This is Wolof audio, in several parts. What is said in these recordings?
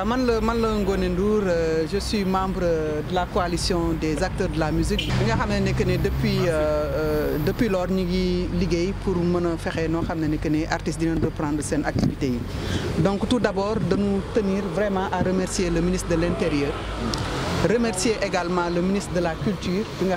Euh, je suis membre euh, de la coalition des acteurs de la musique depuis euh, depuis lors pour nous faire artistes reprendre activité donc tout d'abord nous tenir vraiment à remercier le ministre de l'intérieur remercier également le ministre de la culture bi nga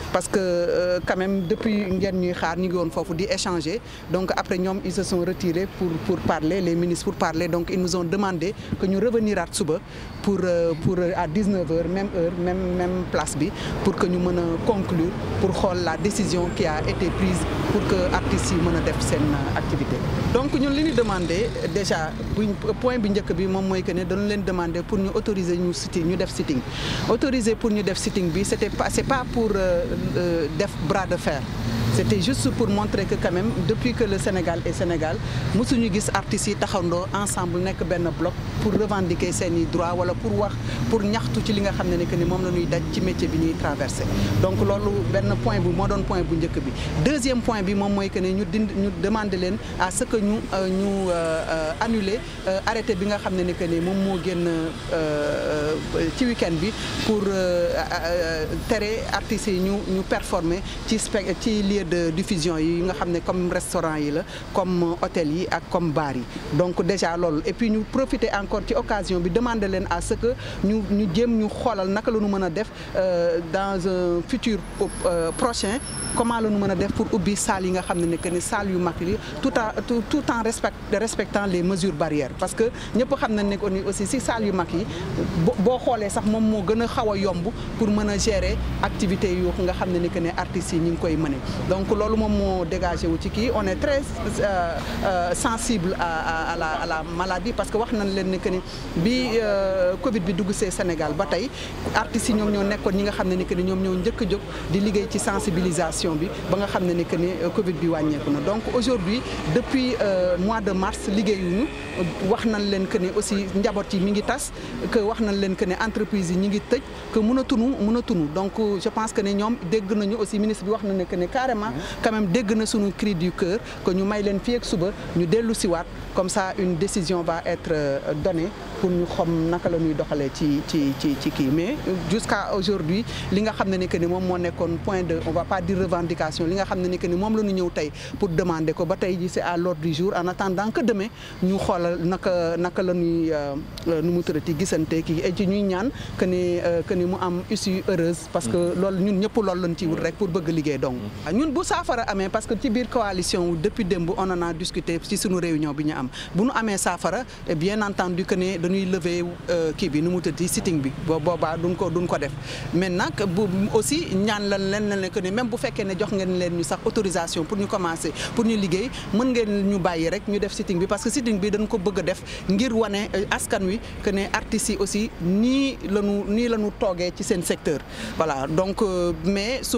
parce que euh, quand même depuis une dernière xaar nous avons échangé. échanger donc après nous, ils se sont retirés pour pour parler les ministres pour parler donc ils nous ont demandé que nous revenions à Tsuba pour euh, pour euh, à 19h même heure même même place B pour que nous menons conclure pour voir la décision qui a été prise pour que artistes yi faire activité. donc nous avons demandé déjà le point bi nous bi demandé, que demandé pour nous autoriser nous sitting nous def sitting autoriser pour nous def sitting bi c'était pas pas pour. Euh, def bras de fer C'était juste pour montrer que quand même depuis que le Sénégal est Sénégal mosuñu gis artistes yi taxandoo ensemble nekk ben bloc pour revendiquer ses droits wala pour wax pour ñaxtu ci li nga que ni moom la ñuy daj ci métier bi traversé. donc loolu benn point bu moo doon point bu njëkk bi deuxième point bi moom mooy que nous ñu dindi ñu demander leen à ce que ñu euh, ñu euh, euh, annuler arrêté bi nga xamné ne que ni mom mo génn ci week-end bi pour tere artistes yi ñu ñu performer ci ci de diffusion yi nga xam comme restaurant yi la comme hôtel yi ak comme bar yi donc déjà loolu et puis ñu profiter encore ci occasion bi demander leen à ce que ñu ñu jéem ñu xoolal naka la ñu mën a euh, dans un futur euh, prochain comment la ñu mën def pour ubbi salle yi nga xam ne ne que ne salle yu mag tout en tout en respectant les mesures barrières parce que ñëpp xam nañ ne ko aussi si salle yu mag yi boo xoolee sax moom moo gën a xaw pour mën gérer activité yu nga xam ne ne que ne artistes yi ñu koy mëne donc lors moom moo dégagé wu ci on est très euh, euh, sensible à à la à la maladie parce que wax nañ que ni bi euh, Covid bi dugg see Sénégal ba tey artistes yi ñoo nekkoon ñi nga xamné ni que ñom ñoo njëkk di liggéey ci sensibilisation bi ba nga xamné ni que Covid bi wàññeeku na donc aujourd'hui depuis mois de mars liggéeyuñu wax nañ leen que aussi njabot yi mi ngi tass que wax nañ leen que ne entreprise yi ñi ngi tëj que mëna tunu mën tunu donc je pense que ne ñoom dégg nañu aussi ministre bi wax na ne que carrément vraiment quand même dégainer na nos cri du cœur que nous may leen nous ak suba ñu comme ça une décision va être euh, donnée pour nous comme naka la colonie doxalee ci ci ci mais euh, jusqu'à aujourd'hui li nga xam que nous moom moo point de on va pas dire revendication li nga xam que nous moom la ñëw pour demander que ba tey ji c'est à l'ordre du jour en attendant que demain ñu xoolal nak naka la ñuy euh, nu mu tërati gisante et ci ñuy ñaan que nous que ni mu am heureuse parce que nous mm. ñun ñëpp loolu lañ ci rek pour bëgg liggéey donc mm. ah, bu parce que coalition depuis demain, on en a discuté ci réunion bi ñu eh bien entendu que nous lever qui euh, bi nu sitting aussi ñaan leen même bu on avons jox ngeen autorisation pour nous commencer pour nous liggéey nous ngeen ñu nous rek sitting parce que sitting bi dañ ko def ngir euh, askan wi que artistes aussi ni la nous secteur voilà donc euh, mais su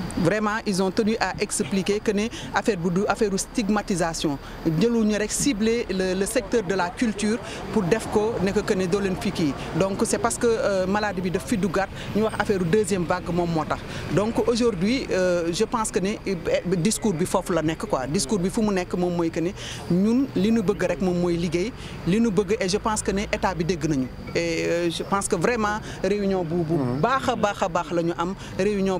vraiment ils ont tenu à expliquer que y affaire une stigmatisation Nous cibler le secteur de la culture pour def ne que donc c'est parce que euh, maladie de fidougat nous avons fait deuxième vague donc aujourd'hui euh, je pense que le eh, discours bi fofu la discours bi que et je pense que nous état bi et euh, je pense que vraiment réunion bu bu mmh. réunion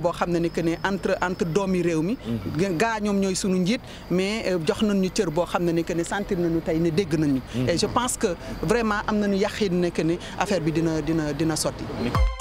entre entre entre doomi réew mi mhm. gaa ñoom ñooy sunu njiit mais euh, jox nañ ñu cër boo xam ne ne que ne sentir nañu tey ne dégg nañu et je mhm. pense que vraiment am nañu yaqin ne que ne affaire bi dina dina dina sotti